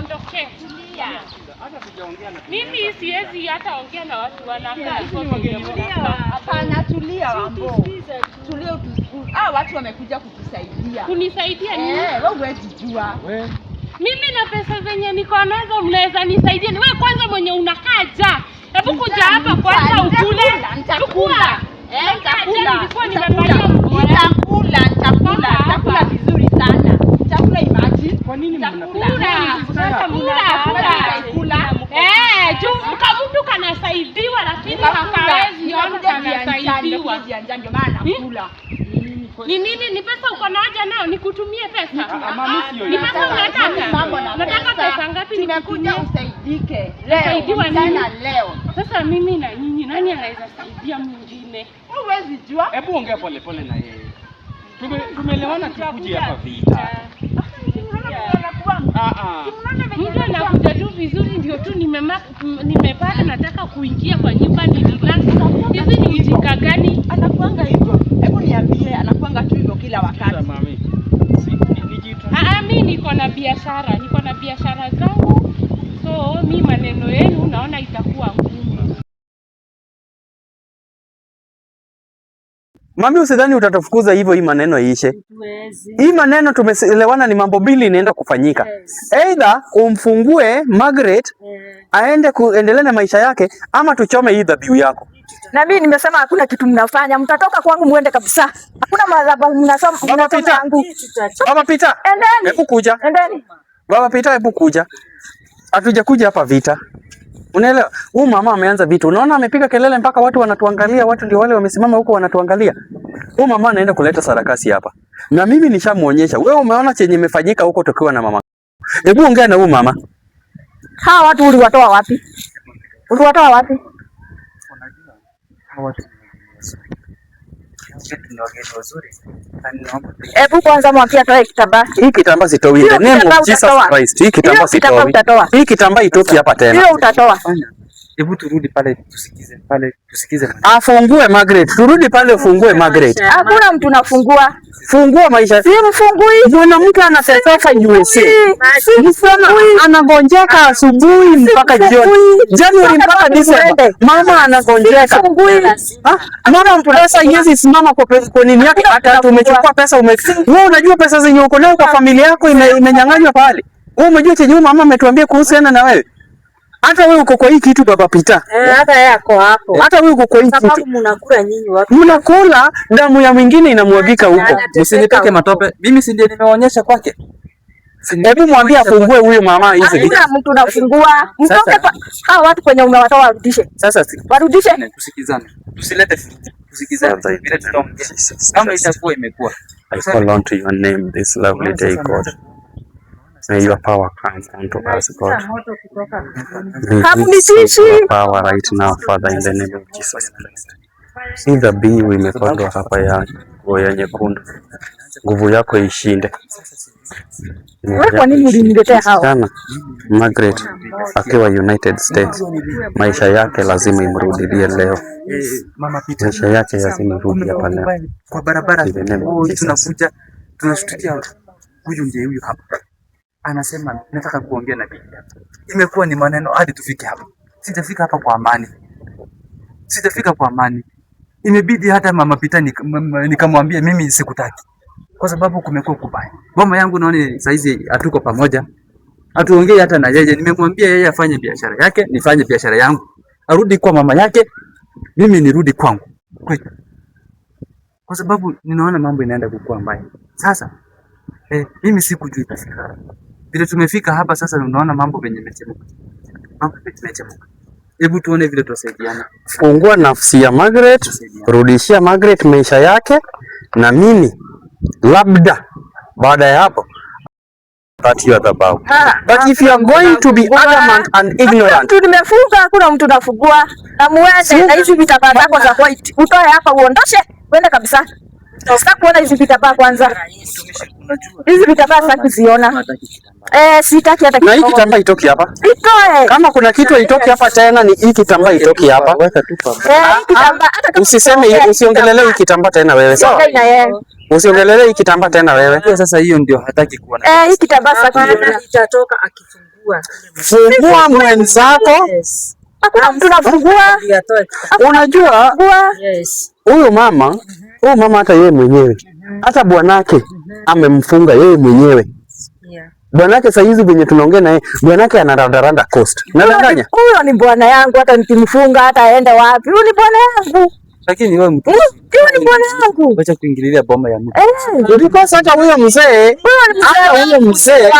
niondokee. Mimi siwezi hata ongea na watu wanakaa hivyo. Hapana, tulia wambo, tulia utusikize. Ah, watu wamekuja kutusaidia. Kunisaidia nini? Eh, wewe huwezi jua. Mimi na pesa zenye niko nazo mnaweza nisaidia. Ni wewe kwanza mwenye unakaja. Hebu kuja hapa kwanza ukule. Nitakula, Eh, nitakula. Nitakula, nitakula, nitakula kwa nini mtu eh, kanasaidiwa lakini hakawezi anasaidiwa? Ni nini? Ni pesa uko na haja nao, nikutumie pesa? Ni pesa ah, ah. unataka? Nataka pesa ngapi nikutumie? Usaidike leo. Sasa mimi na nyinyi, nani anaweza saidia mwingine? Huwezi jua. Hebu ongea polepole na yeye. Tumeelewana tukuje hapa vita eh. Mtu anakuja tu vizuri, ndio tu nimepata, nataka kuingia kwa nyumba ni relax. Hizi ni ujinga gani? Anakuanga hivyo? Hebu niambie, anakuanga tu hivyo kila wakati. Ah, ah, mi niko na biashara, niko na biashara zangu, so mi maneno yenu naona itakuwa Mami, usidhani utatufukuza hivyo, hii maneno iishe. Hii maneno tumeelewana, ni mambo mbili inaenda kufanyika, Either umfungue Margaret aende kuendelea na maisha yake, ama tuchome hii dhabihu yako. Na mimi nimesema hakuna kitu mnafanya, mtatoka kwangu muende kabisa. Hakuna madhabahu mnasoma yangu. Baba Pita, hebu kuja. Endeni. Baba Pita, hebu kuja. Hatujakuja hapa vita. Unaelewa? Huyu mama ameanza vitu. Unaona amepiga kelele mpaka watu wanatuangalia, watu ndio wale wamesimama huko wanatuangalia. Huyu mama anaenda kuleta sarakasi hapa. Na mimi nishamuonyesha. Wewe umeona chenye imefanyika huko tukiwa na mama. Hebu ongea na huyu mama. Hawa watu uliwatoa wapi? Uliwatoa wapi? Hebu kwanza mwambie atoe kitambaa. Hii kitambaa sitowi. Hii kitambaa utatoa. Hii kitambaa itoki hapa tena. Hiyo utatoa. Hebu turudi pale tusikize pale tusikize. Afungue Margaret. Turudi pale fungue Margaret. Hakuna mtu nafungua. Fungua maisha. Si mfungui. Mwanamke anaseseka USA. Msichana anagonjeka asubuhi mpaka jioni. Januari mpaka Disemba. Mama anagonjeka. Ah, mama mtu pesa hizi simama kwa pesa kwa nini yake hata umechukua pesa ume. Wewe unajua pesa zenye uko nayo kwa familia yako imenyang'anywa pale. Wewe umejua chenye mama ametuambia kuhusiana na wewe. Hata wewe uko kwa hii kitu baba Pita. Eh, hata yeye ako hapo. Hata wewe uko kwa hii kitu. Sababu mnakula nyinyi watu. Mnakula damu ya mwingine inamwagika huko. Msinipeke matope. Mimi si ndiye nimeonyesha kwake. Hebu mwambie afungue huyo mama hizi vitu. Hakuna mtu anafungua. Mtoke kwa hao watu kwenye umewatoa warudishe. Sasa si. warudishe. Tusikizane. Tusilete kusikizane. Vile tutaongea. Kama itakuwa imekuwa. I call on to your name this lovely day God. May your power come unto us, God. Have power right now, Father, in the name of Jesus Christ. Hii dhabihu imepandwa hapa ya ya nyekundu, nguvu yako ishinde. Kwa nini uliniletea hao? Margaret akiwa United States, maisha yake lazima imrudie leo. Eh, maisha yake lazima irudi hapa leo. Kwa barabara tunakuja tunashtukia huyu ndiye huyu hapa anasema nataka kuongea na bibi yako. Imekuwa ni maneno hadi tufike hapa. Sitafika hapa kwa amani, sitafika kwa amani. Imebidi hata mama Pita nikamwambia mimi sikutaki, kwa sababu kumekuwa kubaya. Mama yangu naona saizi hatuko pamoja, hatuongei hata na yeye. Nimemwambia yeye afanye biashara yake, nifanye biashara yangu, arudi kwa mama yake, mimi nirudi kwangu kwetu, kwa sababu ninaona mambo inaenda kukua mbaya sasa. Eh, mimi sikujui itafika vile tumefika hapa sasa, unaona mambo venye imetemuka. Mambo imetemuka. Hebu tuone vile tutasaidiana. Fungua nafsi ya Margaret, rudishia Margaret maisha yake, na mimi labda baada ya hapo Tumefunga, hakuna mtu nafugua, na muende na hizi vitambaa zako za white, utoe hapa uondoshe, uende kabisa. Sasa kuona hizi vitambaa kwanza, hizi vitambaa sikuziona. Eh, sitaki hata kitu. Na hiki kitambaa itoki hapa. Itoe. Kama kuna kitu itoki hapa tena ni hiki kitambaa itoki hapa. Weka tu hapa. Eh, hiki ah, ah. kitambaa hata kama usiseme usiongelele hiki kitambaa tena wewe. Sawa. Usiongelele hiki kitambaa tena wewe. Hiyo sasa hiyo ndio hataki kuona. Eh, hiki kitambaa sasa itatoka akifungua. Fungua mwenzako. Hakuna mtu anafungua. Unajua? Yes. Huyu mama, huyu mama hata yeye mwenyewe. Hata bwanake amemfunga yeye mwenyewe. Bwanake yake saa hizi venye tunaongea naye bwana yake anarandaranda coast. Nadanganya. Huyo ni bwana yangu hata nikimfunga hata aende wapi. Huyo ni bwana yangu. Lakini wewe mtu eh, wewe ni bwana wangu. Acha kuingilia boma ya mtu. Eh, uliko sasa huyo mzee. Wewe ni mzee.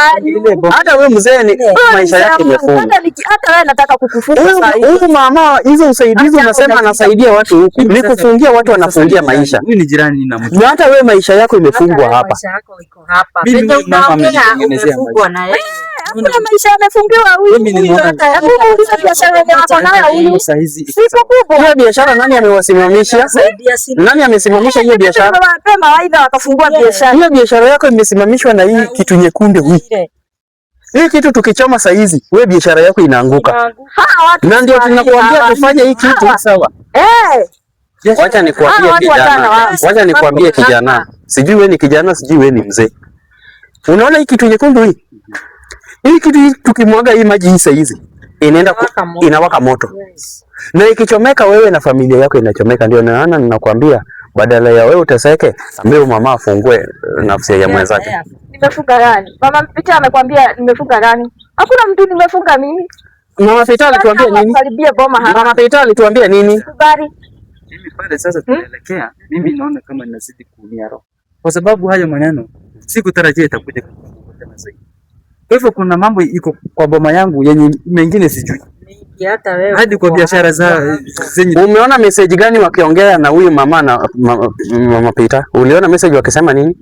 Hata wewe mzee ni maisha yake yamefunga. Hata niki hata wewe nataka kukufunga sasa hivi. Huyu mama hizo usaidizi unasema anasaidia watu huku. Ni kufungia watu wanafungia maisha. Mimi ni jirani na mtu. Hata wewe maisha yako imefungwa hapa. Maisha yako iko hapa. Mimi ni mama na yeye. Eh, hakuna maisha yamefungiwa huyu. Biashara nani amewasimamia? amesimamisha nani amesimamisha hiyo biashara? wakafungua biashara. Hiyo biashara yako imesimamishwa na hii kitu nyekundu hii. Hii kitu tukichoma saa hizi, wewe biashara yako inaanguka, na ndio tunakuambia tufanye hii kitu sawa. Eh. Wacha nikuambie kijana, wacha nikuambie kijana, sijui wewe ni kijana, sijui wewe ni mzee. Unaona hii kitu nyekundu hii, hii kitu tukimwaga hii maji hii saa hizi inaenda inawaka moto yes. Na ikichomeka wewe na familia yako inachomeka. Ndio naana ninakwambia, badala ya wewe uteseke, mbio mama afungue nafsi ya mwenzake. Nimefunga gani? Mama Mpita amekwambia nimefunga gani? Hakuna mtu nimefunga mimi. Mama Mpita alituambia nini? Karibia boma hapa. Mama Mpita alituambia nini? Kubali. Mimi pale sasa hmm? tunaelekea. Mimi naona kama ninazidi kuumia roho. Kwa sababu haya maneno sikutarajia itakuja kukuta zaidi. Kwa hivyo kuna mambo iko kwa boma yangu yenye mengine sijui hadi kwa biashara za zenye. Umeona message gani wakiongea na huyu mama na mama, mama Pita? Uliona message wakisema nini?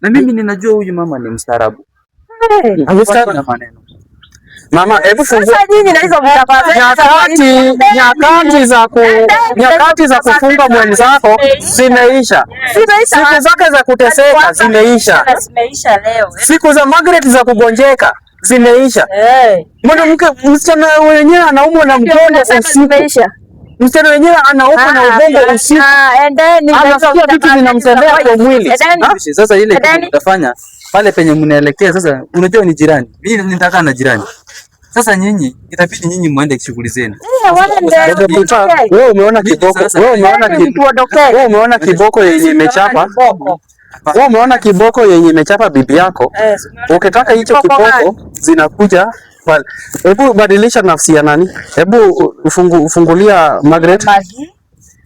Na mimi ninajua huyu mama ni mstaarabu. Hey, Mama, hebu fungua nyakati, nyakati za ku nyakati za kufunga mwenzako zimeisha, Zimeisha. siku zake za kuteseka zimeisha, Zimeisha leo. siku za Margaret za kugonjeka zimeisha. Mwanamke, msichana wenyewe anaumwa na mkondo usiku msichana wenyewe anaumwa na ah, ubongo ah, usiku, ah, anasikia vitu vinamtembea kwa mwili. Sasa ile utafanya pale penye mnaelekea sasa, unajua ni jirani, mimi nitakaa na jirani. Sasa nyinyi itabidi nyinyi muende shughuli zenu. Wewe umeona kiboko, wewe umeona kiboko, wewe umeona kiboko yenye imechapa wewe umeona kiboko yenye imechapa bibi yako. Eh, Ukitaka hicho kiboko zinakuja pale. Hebu badilisha nafsi ya nani? Hebu ufungu, ufungulia Margaret.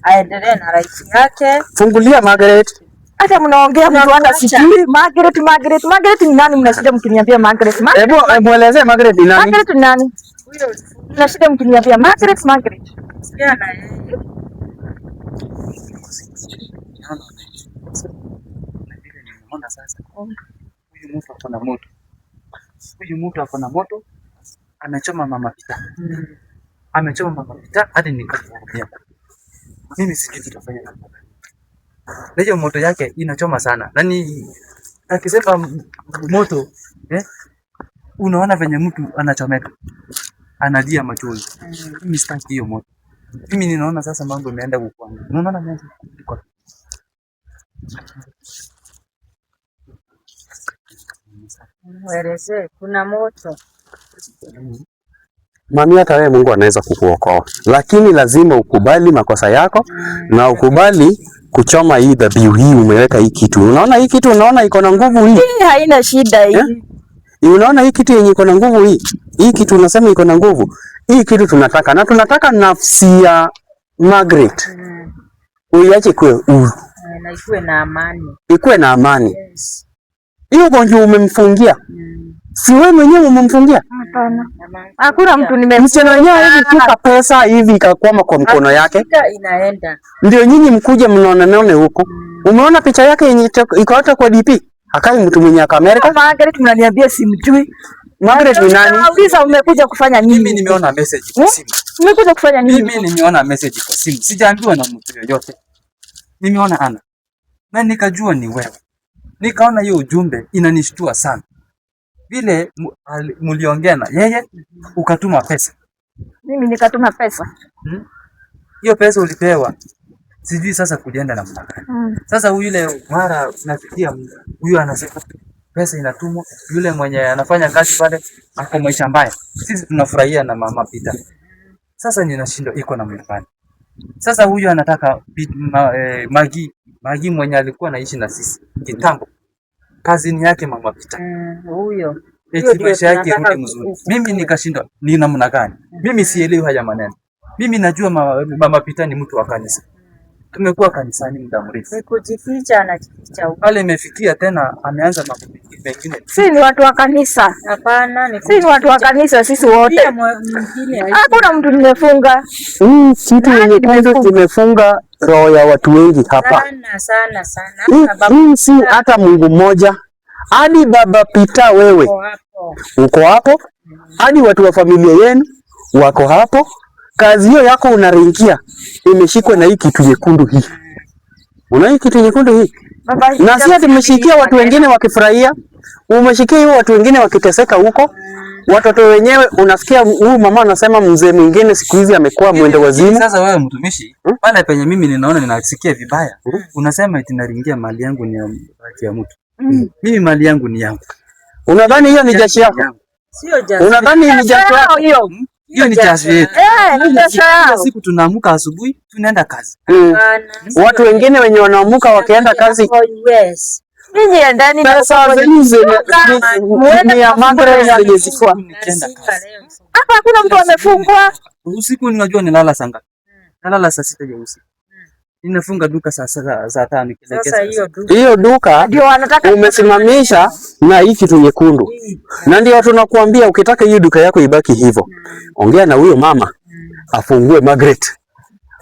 Aendelee na rais yake. Fungulia Margaret. Acha mnaongea mtu hata sijui Margaret Margaret Margaret ni nani? mnashida mkiniambia Margaret Hebu eh, mueleze Margaret ni nani? Margaret ni nani? Huyo. Mnashida mkiniambia Margaret Margaret. Sikia na yeye. mtu ako na moto. Huyu mtu ako na moto. Amechoma mama Pita. Amechoma mama Pita hadi nikakuambia. Mimi sijui tutafanya nini na hiyo moto yake inachoma sana, na ni akisema moto eh, unaona venye mtu anachomeka analia machozi. Mimi sitaki hiyo moto. Mimi ninaona sasa mambo imeenda huko, unaona mimi Mwereze, kuna moto mami, hata wewe Mungu anaweza kukuokoa, lakini lazima ukubali makosa yako na ukubali kuchoma hii dhabihu hii, umeweka hii kitu. Unaona hii kitu, unaona iko na nguvu hii. Hii haina shida hii. Yeah? Unaona hii kitu yenye iko na nguvu hii. Hii kitu unasema iko na nguvu. Hii kitu tunataka na tunataka nafsi ya Margaret. Mm. Uiache kwe huru. Na ikuwe na amani. Ikuwe na amani. Yes. Hiyo umemfungia. Mm. Si wewe mwenyewe umemfungia? Hapana. Ah, hakuna mtu nime msichana wenyewe hivi ah. pesa hivi ikakwama kwa mkono ah, yake, inaenda ndio nyinyi mkuje mnaona none huko. Hmm. Umeona picha yake yenye iko hata kwa DP, akai mtu mwenye aka America. Margaret mnaniambia simjui. Margaret ni nani? Nauliza umekuja kufanya nini? Mimi nimeona message kwa eh? simu. Umekuja kufanya nini? Mimi nimeona message kwa simu. Sijaambiwa na mtu yoyote. Nimeona ana. Na nikajua ni wewe. Nikaona hiyo ujumbe inanishtua sana vile mliongea na yeye ukatuma pesa, mimi nikatuma pesa hmm? hiyo. Hmm? pesa ulipewa, sijui sasa kulienda namna gani? Hmm. Sasa huyu yule mara nafikia huyu anasema pesa inatumwa, yule mwenye anafanya kazi pale ako maisha mbaya, sisi tunafurahia na mama Pita. Sasa ninashindwa iko na mlipani sasa, huyu anataka ma, eh, Magi Magi mwenye alikuwa anaishi na sisi kitambo kazini yake mama Pita mm, huyo mm, eti maisha yake mke mzuri. Mimi nikashindwa ni namna gani? Mimi sielewi haya maneno. Mimi najua mama, mama Pita ni mtu wa kanisa. Tumekuwa kanisani muda mrefu. Nikujificha anajificha. Pale imefikia tena ameanza mahubiri mengine. Si ni watu wa kanisa. Hapana, ni si ni watu wa kanisa sisi wote. Hakuna mtu nimefunga. Hii kitu yenye kwanza tumefunga roho ya watu wengi hapa. Sana sana sana. Hii si hata Mungu mmoja. Hadi baba Pita wewe. Uko hapo. Hadi watu wa familia yenu wako hapo kazi hiyo yako unaringia imeshikwa na hii kitu nyekundu hii. Una hii kitu nyekundu hii. Na si ati umeshikia watu wengine wakifurahia, umeshikia hiyo watu wengine wakiteseka huko. Watoto wenyewe unasikia huyu mama anasema mzee mwingine siku hizi amekuwa mwende wazimu. Sasa wewe mtumishi, hmm? Pale penye mimi ninaona ninasikia vibaya. Hmm? Unasema eti naringia mali yangu ni ya mtu. Hmm. Mimi mali yangu ni yangu. Unadhani hiyo ni yaani jasho yako? Sio jasho. Unadhani ni jasho yako hiyo? Hmm? hiyo ni chasi eh, yetu. Siku tunaamka asubuhi tunaenda kazi. Eh. Watu wengine wenye wanaamka wakienda kazi hapa hakuna mtu amefungwa usiku. Unajua nilala saa hmm. Nalala saa sita ya usiku. Ninafunga duka sasa saa saa tano. Hiyo duka ndio wanataka umesimamisha na hii kitu nyekundu, hmm. na ndio tunakuambia ukitaka hiyo duka yako ibaki hivyo, hmm. ongea na huyo mama hmm. afungue Margaret.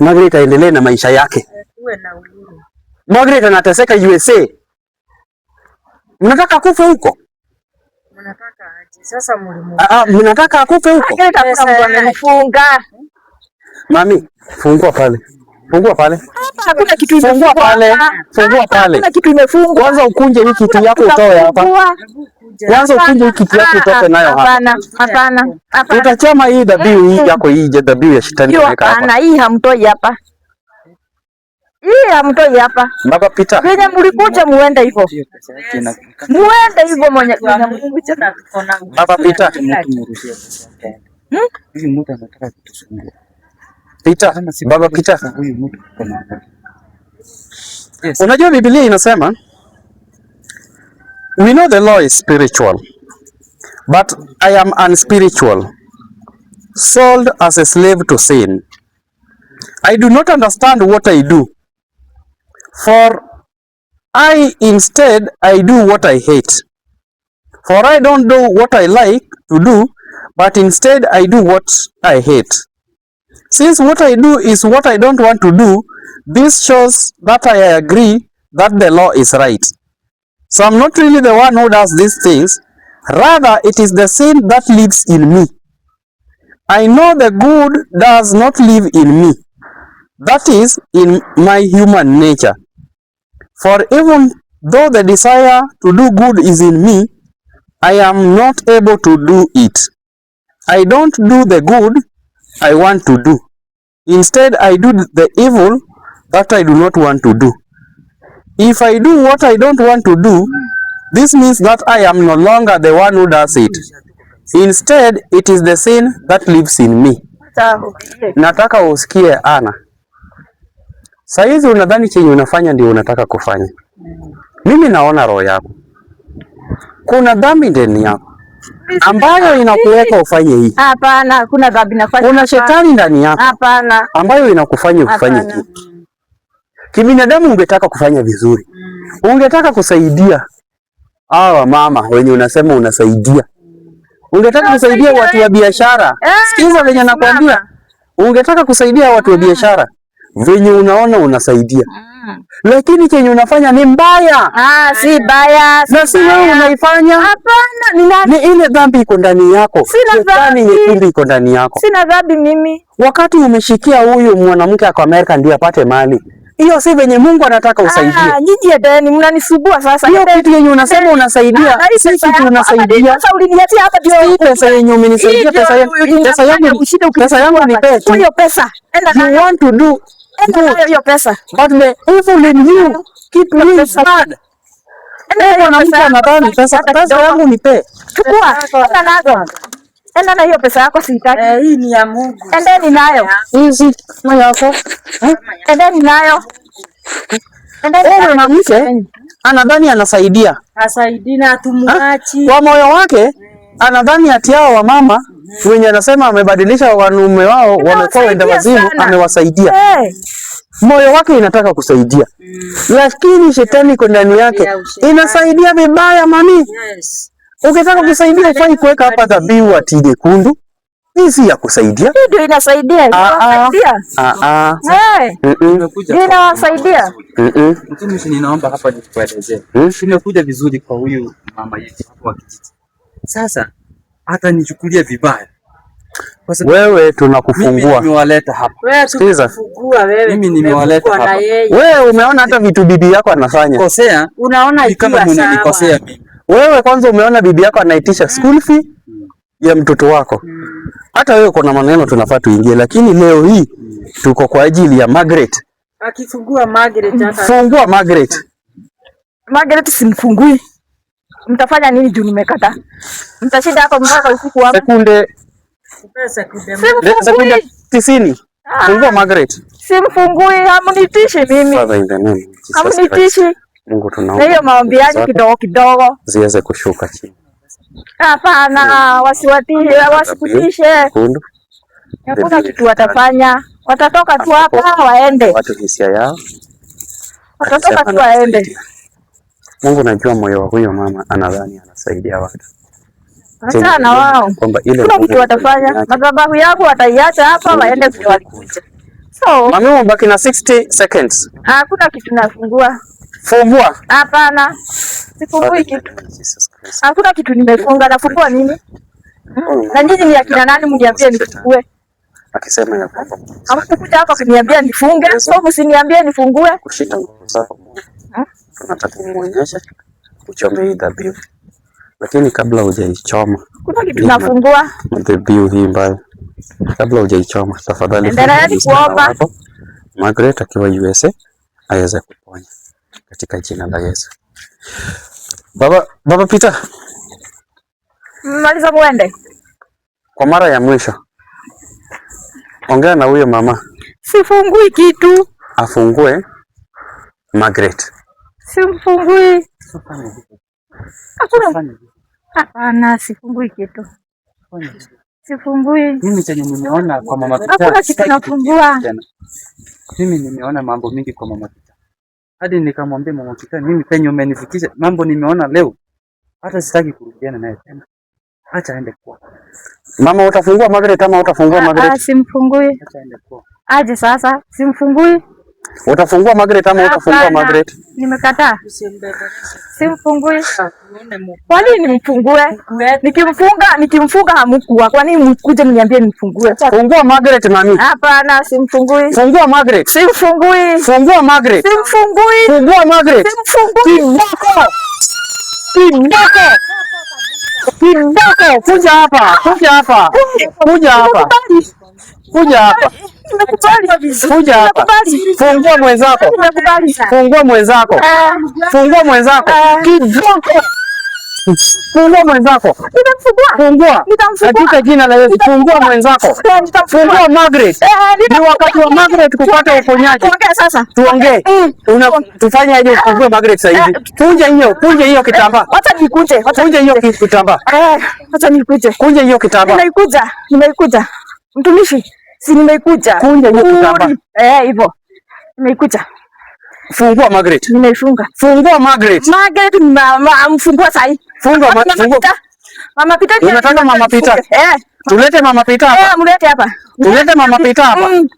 Margaret aendelee na maisha yake. Eh, Margaret anateseka USA. Mnataka kufa huko? Mnataka ah, ah, kufa huko? Margaret Mami, fungua pale Fungua pale. Hakuna kitu imefungwa pale. Fungua pale. Hakuna kitu imefungwa. Kwanza ukunje hii kitu yako utoe hapa. Kwanza ukunje hii kitu yako utoe nayo hapa. Hapana, hapana. Hapana. Tutachoma hii dhabihu hii eh, eh. yako hii je dhabihu ya shetani kwa hapa. Hapana, hii hamtoi hapa. Hii hamtoi hapa. Baba pita. Kwenye mlikuja muende hivyo. Muende hivyo mwenye kwenye mlikuja. Baba pita. Mtu Hmm? Hii mtu anataka kitu kutusungua. Pita, baba Peter. Yes. Unajua Biblia inasema we know the law is spiritual but I am unspiritual sold as a slave to sin I do not understand what I do for I instead I do what I hate for I don't do what I like to do but instead I do what I hate Since what I do is what I don't want to do, this shows that I agree that the law is right. So I'm not really the one who does these things. Rather, it is the sin that lives in me. I know the good does not live in me. That is, in my human nature. For even though the desire to do good is in me, I am not able to do it. I don't do the good I want to do. Instead, I do the evil that I do not want to do. If I do what I don't want to do, this means that I am no longer the one who does it. Instead, it is the sin that lives in me. Nataka usikie Ana. Saizi unadhani chenye unafanya ndio unataka kufanya. Mimi naona roho yako. Kuna dhambi ndani yako ambayo inakuweka ufanye hii. Hapana, kuna dhambi nafanya. Kuna shetani ndani yako. Hapana. Ambayo inakufanya ufanye hii. Kibinadamu ungetaka kufanya vizuri. Ungetaka kusaidia hawa mama wenye unasema unasaidia. Ungetaka kusaidia watu wa biashara. Eh, Sikiza venye nakwambia. Ungetaka kusaidia watu wa mm. biashara venye unaona unasaidia. Mm lakini chenye unafanya ni mbaya. Ah, si baya, si na si wewe unaifanya. Hapana, ni nani? ni ile dhambi iko ndani yako, Sina shetani nyekundu iko ndani yako. Sina dhambi mimi. Wakati umeshikia huyu mwanamke ako Amerika ndio apate mali hiyo si venye Mungu anataka usaidie. Ah, nyinyi edeni mnanisubua sasa. Hiyo kitu yenye unasema ah, unasaidia, si kitu unasaidia. Sasa uliniatia hapa ndio hii pesa yenye umenisaidia pesa yangu. Pesa yangu ni pesa. Hiyo pesa. enda You want to do hiyo pesa yangu nipe, enda na hiyo pesa yako, sitaki. Eh, hii ni ya Mungu, endeni nayo, eh? endeni nayo. Mwanamke anadhani anasaidia eh? kwa moyo wake, hmm. anadhani ati hao wamama Mwenye anasema amebadilisha wanaume wao wamekuwa wenda wazimu, amewasaidia hey. Moyo wake inataka kusaidia mm. Lakini shetani iko ndani yake inasaidia vibaya mami, yes. Ukitaka kusaidia ufai kuweka hapa dhabihu ati nyekundu, hii si ya kusaidia, ndio inasaidia ah, ah. inawasaidia. Ah, Mtumishi, ninaomba hapa nikuelezee, nimekuja hmm? vizuri kwa huyu mama yetu wa kijiji sasa hata nichukulie vibaya. Wewe tunakufungua. Mimi Nimewaleta hapa. Wewe wewe. tunakufungua Mimi nimewaleta hapa. Wewe umeona hata vitu bibi yako anafanya. Kosea. Unaona ikiwa sawa. kama unanikosea mimi. Wewe kwanza umeona bibi yako anaitisha mm. school fee ya mtoto wako. Mm. Hata wewe kuna maneno tunafaa tuingie, lakini leo hii tuko kwa ajili ya Margaret. Akifungua Margaret hata. Fungua Margaret. Margaret simfungui mtafanya nini juu nimekata? Mtashinda hapo mpaka usiku hapo. Sekunde sekunde tisini. Ah. Fungua Margaret. Simfungui, hamunitishi mimi. Hamunitishi. Mungu tunaomba. hiyo maombi yangu kidogo kidogo ziweze kushuka chini. Hapana, wasiwatie, wasikutishe. Hakuna kitu watafanya. Watatoka tu hapa waende. Watu hisia yao. Watatoka tu waende. Mungu najua moyo wa huyo mama, anadhani anasaidia watu sana wao, kwamba kuna kitu watafanya. Madhabahu yako wataiacha hapa, waende kuwalikuta. So mami, mabaki na 60 seconds. Ah, kuna kitu nafungua. Fungua. Hapana, sifungui kitu. Hakuna kitu nimefunga. Nafungua nini? Oh. Na nyinyi ni akina nani mniambie nifungue? Akisema ya kwamba hamtakuja hapa kuniambia nifunge, so msiniambie nifungue. Kushinda nguvu zako. Hmm? unataka kumuonyesha uchome hii dhabihu, lakini kabla hujaichoma tunafungua dhabihu hii mbaya, kabla hujaichoma tafadhali kuomba Margaret akiwa USA aweze kuponya katika jina la Yesu. Baba, Baba Peter, maliza muende kwa mara ya mwisho, ongea na huyo mama. Sifungui kitu, afungue Margaret. Simfungui, hapana, sifungui kitu, sifungui. Mimi chenye nimeona kwa mama Pita, hakuna kitu nafungua mimi. Nimeona mambo mingi kwa mama Pita hadi nikamwambia mama Pita, mimi penye umenifikisha mambo nimeona leo, hata sitaki kurudiana naye tena. Acha aende kwa mama. Utafungua Margaret ama utafungua ah, ah, Margaret? Simfungui, acha aende kwa aje. Sasa simfungui. Utafungua Margaret ama utafungua Margaret? Nimekataa. Simfungui. Kwa nini nimfungue? Nikimfunga, nikimfunga hamkua. Kwa nini mkuje mniambie nifungue? Fungua Margaret mami. Hapana, simfungui. Fungua Margaret. Simfungui. Fungua Margaret. Simfungui. Fungua Margaret. Simfungui. Kindoko. Kindoko. Kuja hapa. Kuja hapa. Kuja hapa. Kuja hapa nimekubali. Kuja hapa. Fungua mwenzako. Nimekubali sana. Fungua mwenzako. Ah. Fungua mwenzako. Ah. Kidogo. Fungua mwenzako. Nitamfungua. Fungua. Nitamfungua. Katika jina la Yesu fungua mwenzako. Eh, fungua Margaret. Eh, Ni wakati wa Margaret kupata uponyaji. Tuongee sasa. Tuongee. Eh, mm. Una tufanye aje ufungue Margaret sasa hivi? Kunja hiyo, kunja hiyo kitambaa. Acha nikuje. Kunja hiyo kitambaa. Acha wacha nikuje. Kunja hiyo kitambaa. Ninaikuja. Ninaikuja. Mtumishi. Si nimekuja. Kunja hiyo kitamba. Eh, hivyo. Nimekuja. Fungua Margaret. Nimefunga. Fungua Margaret. Margaret mama mfungua sahi. Fungua mama fungua. Mama Pita. Unataka mama Pita? Eh. Tulete mama Pita hapa. Eh, mlete hapa. Tulete mama Pita hapa. Mm.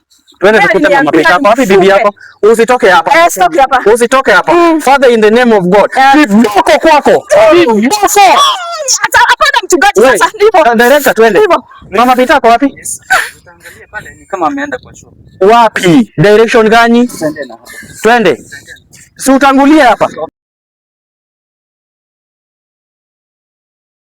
Twende tukute mama Pita hapa. Wapi bibi yako? Usitoke hapa. Eh, stop hapa. Usitoke hapa. Mm. Father in the name of God. Viboko eh. kwako. Viboko. Eh. Hapa mchungaji sasa. ndipo. Ndio twende. Mama Pita kwa wapi? Tutaangalia pale ni kama ameenda kwa shule. Wapi? Direction gani? Twende. Si utangulie hapa.